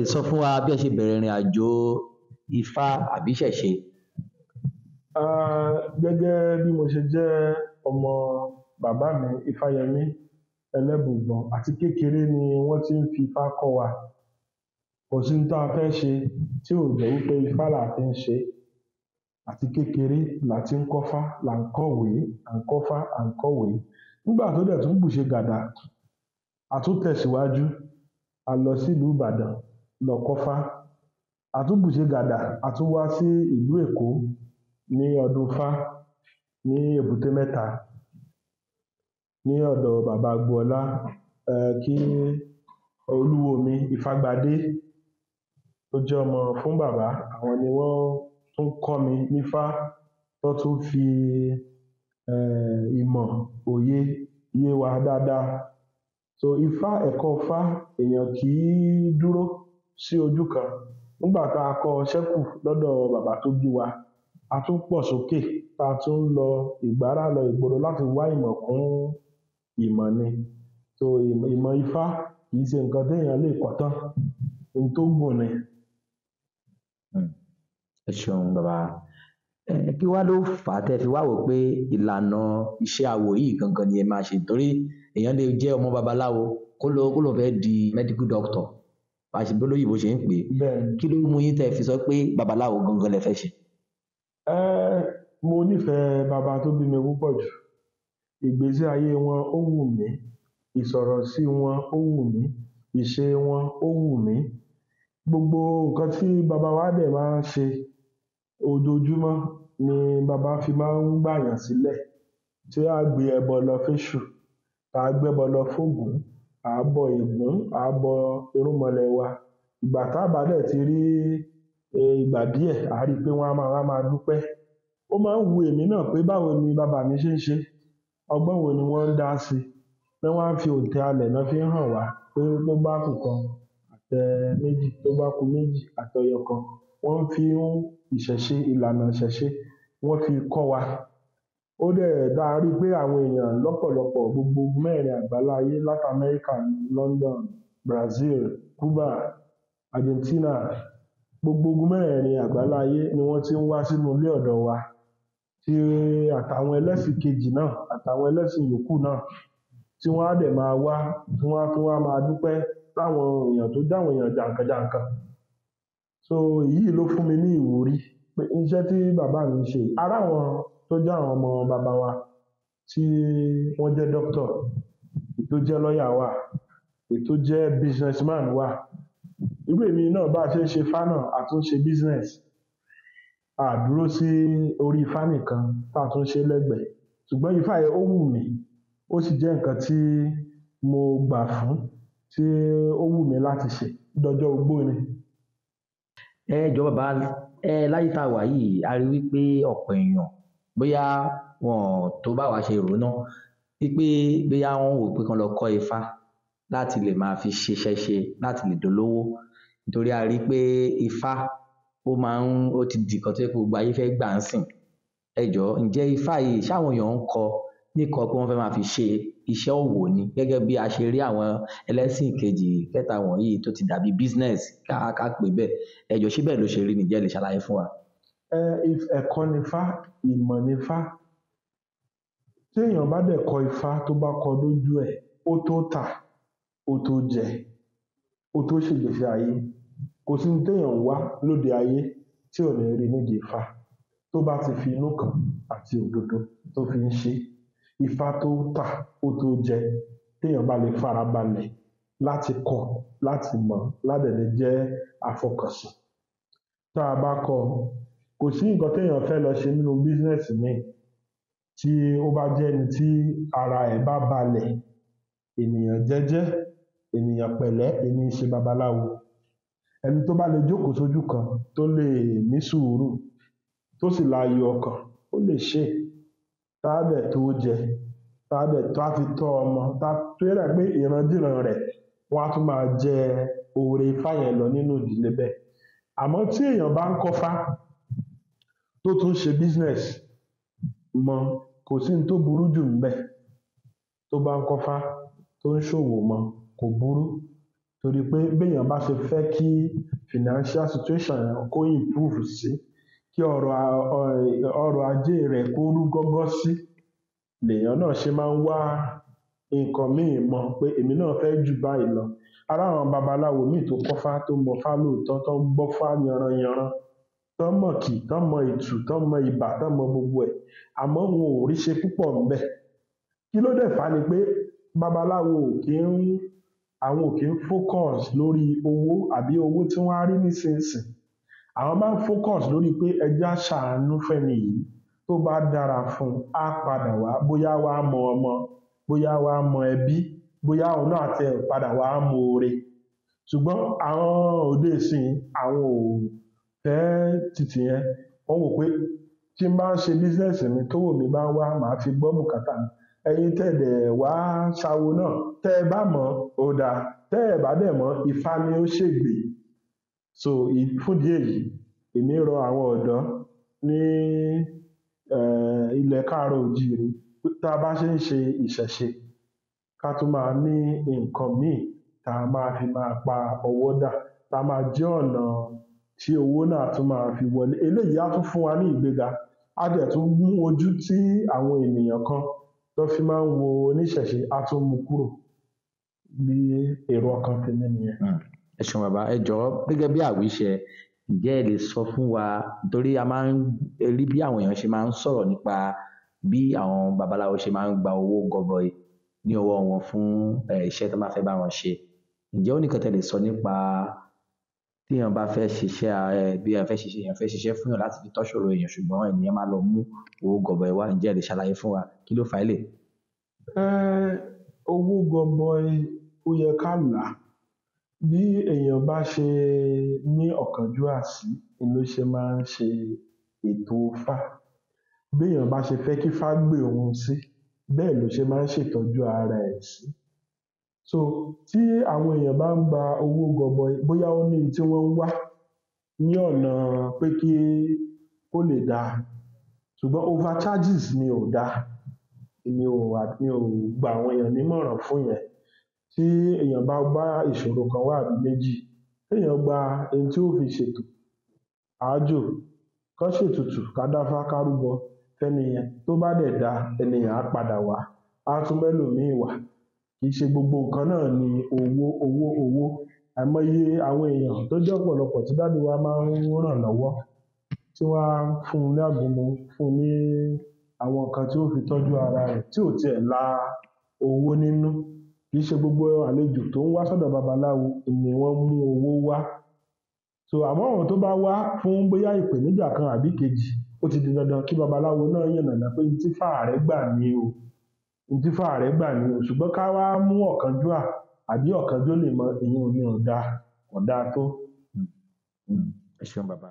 lè sọ fún wa bí ẹ ṣe bẹ̀rẹ̀ ìrìn àjò Ifá àbí ìṣẹ̀ṣe. gẹ́gẹ́ bí mo ṣe jẹ́ ọmọ bàbá mi Ifáyẹmí Ẹlẹ́bùúbọn àti kékeré ni wọ́n ti ń fi Ifá kọ́ wa kò sí ní tá a fẹ́ ṣe tí ò jẹ́ wípé Ifá là fi ń ṣe àti kékeré là ti ń kọ́fá là ń kọ̀wé à ń kọ́fá à ń kọ̀wé nígbà tó dẹ̀ tún bù ṣe gàdà àtúntẹ̀síwájú a lọ sílùú Ìbàdàn lọkọfà àtúngbùṣègàdà á tún wá sí ìlú èkó ní ọdún fá ní èbútémẹta ní ọdọ bàbá agboola um kí olúwomi ìfàgbàdé tó jẹ ọmọ fún bàbá àwọn ni wọn tún kọ mi nífà tó tún fi um ìmọ òye yé wa dáadáa so ifá ẹkọ ifá èèyàn kì í dúró sí ojú kan nígbà tá a kọ ṣẹ́kù lọ́dọ̀ bàbá tó bí wa a tún pọ̀ sókè tá a tún lọ ìgbárá lọ ìgboro láti wá ìmọ̀ kún ìmọ̀ ni so ìmọ̀ ifá kì í ṣe nǹkan téèyàn lè kọ́ tán ohun tó gùn ni. ẹ ṣeun bàbá kí wàá ló fà á tẹ fi wá wò pé ìlànà iṣẹ́ awo yìí gangan ni ẹ máa ṣe torí èèyàn lè jẹ́ ọmọ babaláwo kó ló kó ló fẹ́ di medical doctor àṣìbí olóyìnbó ṣe ń pè é kí ló mú yín tẹ́ fi sọ pé babaláwo gangan lẹ fẹ́ ṣe. ẹ mo nífẹ̀ẹ́ bàbá tó bí mi púpọ̀ jù ìgbésí ayé wọn ó wù mí ìsọ̀rọ̀ sí wọn ó wù mí ìṣe wọn ó wù mí gbogbo nǹkan tí bàbá wa dẹ̀ máa ń ṣe ojoojúmọ́ ni bàbá fi máa ń gbàyàn sílẹ̀ tí a gbé ẹbọ lọ fẹ́ṣù tá a gbẹ́bọ lọ fóògùn àábọ̀ ègún àábọ̀ irúnmọlẹ̀ wa ìgbà tá a bá dé ti rí e, ìgbà díẹ̀ àá rí pé wọ́n á máa wá máa dúpẹ́ ó máa ń wu èmi náà pé báwo ni bàbá mi ṣe ń ṣe ọgbọ́n wo ni wọ́n ń dá sí i pé wọ́n á fi òǹtẹ̀ alẹ̀ náà fi hàn wá pé tó bá kù kan àtẹ méjì tó bá kù méjì àtẹyọ kan wọ́n fi ń ìṣẹ̀ṣe ìlànà ìṣẹ̀ṣe wọ́n fi kọ́ wa o dẹ̀ dá a rí i pé àwọn èèyàn lọ́pọ̀lọpọ̀ gbogbo mẹ́rin àgbáńlá ayé láti amẹ́ríkà london brazil cuba argentina gbogbo ogun mẹ́rẹ̀ẹ̀rin ayé ni wọ́n ti ń wá sínú ilé ọ̀dọ̀ wa tí àtàwọn ẹlẹ́sìn kejì náà àtàwọn ẹlẹ́sìn yòókù náà tí wọ́n á dẹ̀ máa wá tí wọ́n á tún máa dúpẹ́ láwọn èèyàn tó dáwọn èèyàn jàǹkànjàǹkàn so èyí ló fún mi ní ìwúrí tó jẹ́ àwọn ọmọ bàbá wa tí wọ́n jẹ́ dókítà èyí tó jẹ́ lọ́ọ̀yà wà èyí tó jẹ́ businessman wà irú èmi náà bá a ṣe ń ṣe ifá náà a tún business a dúró sí orí ifá nìkan tá a tún ṣe lẹ́gbẹ̀ẹ́ ṣùgbọ́n ifá yẹn ó wù mí ó sì jẹ́ nǹkan tí mo gbà fún tí ó wù mí láti ṣe dọjọ́ ogbó ni. ẹ jọ bàbá ẹ láyé tá a wà yìí a rí wípé ọ̀pọ̀ èèyàn bóyá wọn ò tó báwa ṣe rò ó náà wípé bóyá wọn wò pé kán lọ kọ́ ifá láti lè máa fi ṣiṣẹ́ ṣe láti lè dolówó nítorí a rí i pé ifá ó máa ń ó ti di nǹkan tó yẹ kó gbogbo ayé fẹ́ gbà ń sìn ẹ jọ̀ọ́ ifá yìí ṣáwọn èèyàn ń kọ níkọ pé wọ́n fẹ́ máa fi ṣe iṣẹ́ òwò ni gẹ́gẹ́ bí a ṣe rí àwọn ẹlẹ́sìn kejì kẹta wọ̀nyí tó ti dàbí business ká pè bẹ́ẹ̀ ẹ jọ̀ọ́ ṣé bẹ́ẹ̀ ló ṣe rí nìjẹ́ lè ṣàlàyé fún wa um ẹkọ nifá ìmọ nifá téèyàn bá dé kọ ifá tó bá kọ lójú ẹ ó tóó ta ó tóó jẹ ó tóó ṣègbésí ayé kò sí ohun téèyàn ń wá lóde ayé tí ò ní rí nídìí ifá tó bá ti fi inú kan àti òdodo tó fi ń ṣe ifá tó ta ó tóó jẹ téèyàn bá lè fara balẹ láti kọ láti mọ ládẹlẹ jẹ àfọkànsìn tá a bá kọ kò sí nǹkan téèyàn fẹ́ lọ ṣe nínú bísínẹ́sì mi tí ó bá jẹ́ ẹni tí ara ẹ̀ bá balẹ̀ ènìyàn jẹ́jẹ́ ènìyàn pẹ̀lẹ́ èmi ṣe babaláwo ẹni tó bá lè jókòó sójú kan tó lè ní sùúrù tó sì láàyò ọkàn ó lè ṣe táàbẹ̀ tó jẹ táàbẹ̀ tó á fi tọ́ ọmọ tá tó yẹ pé ìrandíran rẹ̀ wọ́n á tún máa jẹ oore ifá lọ nínú ìdílé bẹ́ẹ̀ àmọ́ tí èèyàn bá ń kọ́fá tó tún ṣe business mọ kò sí ohun tó burú jù ńbẹ tó bá ń kọfà tó ń ṣòwò mọ kò burú torí pé béèyàn bá ṣe fẹ kí financial situation kó improve sí kí ọrọ ọrọ ajé rẹ kó rú gọgọ sí lèèyàn náà ṣe máa ń wá nǹkan míì mọ pé èmi náà fẹ jù báyìí lọ ara àwọn babaláwo míì tó kọfà tó mọfà lóòótọ tó ń gbọfà yanranyanran tán mọ kì tán mọ ìtù tán mọ ìbà tán mọ gbogbo ẹ àmọ wọn ò rí ṣe púpọ ńbẹ kí ló dé fà ni pé babaláwo ò kí ń àwọn ò kí ń focus lórí owó àbí owó tí wọn á rí nísinsìn àwọn máa ń focus lórí pé ẹjá ṣàánú fẹmi yìí tó bá dára fún un á padà wá bóyá wá mọ ọmọ bóyá wá mọ ẹbí bóyá òun náà tẹ padà wá mọ oore ṣùgbọn àwọn òde ìsìn àwọn ò fẹ́ẹ́tìtì yẹn wọn wò pé tí n bá ń ṣe bísínẹsì mi tówó mi bá ń wá màá fi gbọ́ bùkátà mi ẹ̀yin tẹ̀lé wá ṣàwo náà tẹ́ ẹ bá mọ̀ ó dáa tẹ́ ẹ bá dẹ̀ mọ̀ ifá ni ó ṣègbè so fúndìí èyí èmi rọ àwọn ọ̀dọ́ ní ilẹ̀ káàárọ̀ òjíire tá a bá ṣe ń ṣe ìṣẹ̀ṣe ká tún máa ní nǹkan míì tá a máa fi máa pa ọwọ́ dà tá a máa jẹ́ ọ̀nà tí owó náà tún máa fi wọlé eléyìí á tún fún wa ní ìgbéga á dẹ̀ tún mú ojú tí àwọn ènìyàn kan tó fi máa ń wo oníṣẹ̀ṣe á tún mú kúrò bí èrò ọkàn tèmi nìyẹn. Hmm. ẹ ṣeun bàbá ẹ jọ̀ọ́ gẹ́gẹ́ bí àwíṣẹ ǹjẹ́ ẹ lè sọ fún wa torí a máa ń rí bí àwọn èèyàn ṣe máa ń sọ̀rọ̀ nípa bí àwọn babaláwo ṣe máa ń gba owó gọbọi ní ọwọ́ wọn fún iṣẹ́ tó máa fẹ́ bá wọn ṣe ǹjẹ́ ó nìkan tẹ́ lè sọ nípa téèyàn bá fẹ́ ṣiṣẹ́ bí èèyàn fẹ́ ṣiṣẹ́ èèyàn fẹ́ ṣiṣẹ́ fún èèyàn láti fi tọ́ ṣòro èèyàn ṣùgbọ́n ènìyàn máa lọ mú owó gọbọi wá ǹjẹ́ ẹ lè ṣàlàyé fún wa kí ló fà á lè. owó gọbọi ó yẹ ká là á bí èèyàn bá ṣe ní ọ̀kánjúwà sí ló ṣe máa ń ṣe ètò fà béèyàn bá ṣe fẹ́ kí fá gbé òun sí bẹ́ẹ̀ ló ṣe máa ń ṣètọ́jú ara ẹ̀ sí. Si so tí àwọn èèyàn bá ń gba owó gọbọi bóyá ó ní ohun tí wọn ń wá ní ọnà pé kí ó lè dáa ṣùgbọn over charges ni ò dáa èmi ò mi ò gba àwọn èèyàn nímọràn fún yẹn tí èèyàn bá bá ìṣòro kan wá àbí méjì kéèyàn gba ohun tí ó fi ṣètò àájò kán ṣètùtù ká dáfá ká tó bá dé dáa ẹni á padà wá á tún bẹlòmíín wá kì í ṣe gbogbo nǹkan náà ni owó owó owó àìmọye àwọn èèyàn tó jẹ́ ọ̀pọ̀lọpọ̀ tí dádì wa máa ń ràn lọ́wọ́ tí wọ́n á fún un ní àgúnmu fún un ní àwọn nǹkan tí ó fi tọ́jú ara rẹ̀ tí ò tiẹ̀ la owó nínú kì ṣe gbogbo àlejò tó ń wá sọ́dọ̀ babaláwo ni wọ́n mú owó wá so àmọ́ àwọn tó bá wá fún bóyá ìpèníjà kan àbí kejì ó ti di dandan kí babaláwo náà yànnàná pé tífà rẹ̀ gbà ni o ntífà rẹ gbà ní o ṣùgbọn ká wàá mú ọkánjúà àbí ọkánjúò lè mọ èyí ò ní ó dáa tó ẹ ṣeun bàbá